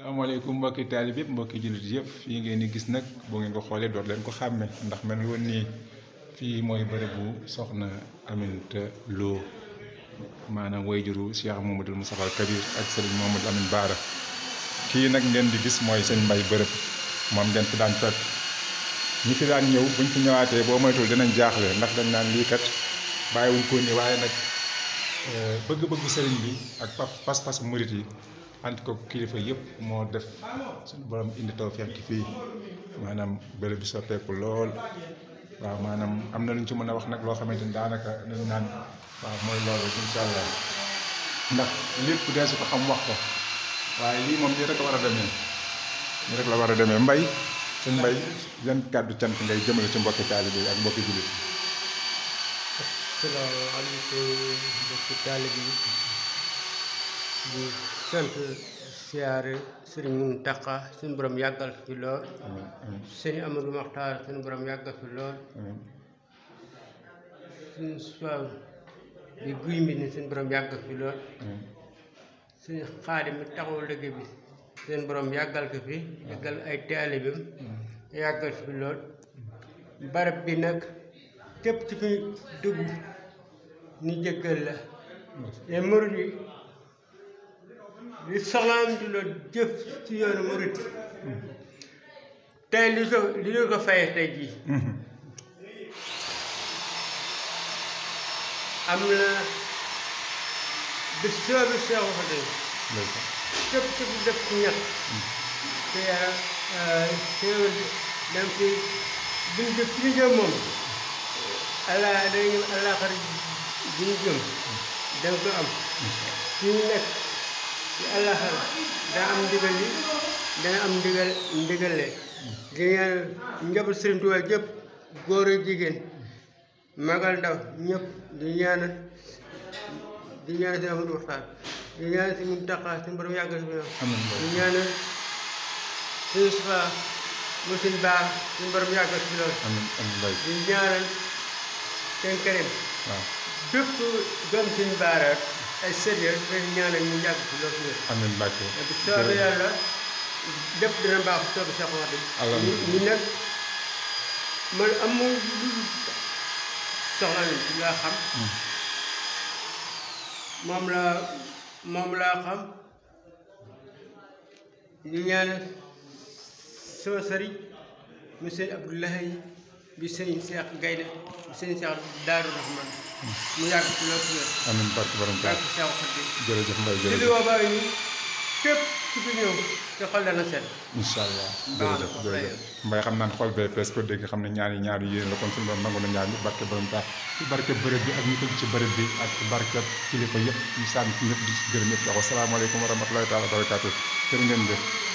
salaamaaleykum mbokki taalib yëpp mbokki jullit yëpp fii ngeen di gis nag boo ngeen ko xoolee door leen ko xàmme ndax man woon nii fii mooy bërëbu soxna Aminta Lo maanaam wayjuru Cheikh Mamadou Moustapha Kabir ak Serigne Mamadou Amin Baara kii nag ngeen di gis mooy seen mbay bërëb moom ngeen fi daan fekk ñi fi daan ñëw buñ fi ñëwaatee boo moytul dinañ jaaxle ndax dañ naan lii kat bàyyiwuñ ko ni waaye nag euh, bëgg-bëggu sëriñ bi ak pas-pas murit yi ànd ko kilifa yépp moo def suñu borom indi tawfeex gi fii maanaam bërëb bi soppeeku lool waaw maanaam am na lu ñu ci mën a wax nag loo xamante ni daanaka dañ naan waaw mooy loolu incha allah ndax lépp dee su ko xam wax ko waaye lii moom lii rek la war a demee lii rek la war a demee mbay suñ mbay yan kàddu cant ngay jëmale ci mbokki taalibe yi ak mbokki jullit. asalaamaaleykum mbokki taalibe di sant siyaare sëriñ Muntaxa suñu borom yagal fi lool sëriñ Amadou makhtar suñu borom yagal fi lool suñu sow di guy mbi ni suñu borom yagal fi lool suñu xaadim mi taxaw liggéey bi seen borom yagal ko fi yagal ay taalibam yagal fi lool barab bi nak tepp ci fi dug ni jëkkal la e mourou li soxlaam di jëf ci yoonu murit tey li li ñu ko faye tey jii mhm. am na bis soo bi soo ko fa def ci ñax mhm. te yaa euh, teew dem ci bi ñu jëf ci ñu jëm moom allah dañu allah xarit bi ñu jëm mhm. danga ko am ci nekk ci àllaxara daa am ndigal li dana am ndigal ndigal le di ñaan njaboot Serigne jëpp góor ak jigéen magal ndaw ñëpp di ñaan di ñaan si amul waxtaan di ñaan si mun taqaa suñu borom yàggal bi di ñaan suñu sufa mu suñ baax suñu borom yàggal si lool di ñaanal seen kanam bépp gëm suñ ay sérieux dañ ñaanal ñu yàgg ci loolu wér amiin Mbàkke bu soobee yàlla lépp dina baax soobee Cheikh Khadim ñu nag man amul soxla yi laa xam hmm. moom laa moom laa xam ñu ñaan sama sëriñ monsieur Abdoulaye bi sëriñ Seex Gaynde bi sëriñ Seex Daaru Rahman mu yàgg ci loolu ci wér. amiin barke borom Tuubaa barke Seex Xaadim. jërëjëf Mbaye jërëjëf li li woo bari ñu képp ku fi ñëw te xol dana set. incha allah jërëjëf jërëjëf Mbaye xam naa ne xol bee fees ko dégg xam ne ñaari ñaari yéen la kon suñu borom nangu na ñaar ñi barke borom Tuubaa ci barke bërëb bi ak ñu tëj ci bërëb bi ak barke kilifa yëpp ñu sànni ci ñëpp di ci gërëm ñëpp wax asalaamaaleykum wa rahmatulahi taala wa barakaatu jërë ngeen jëf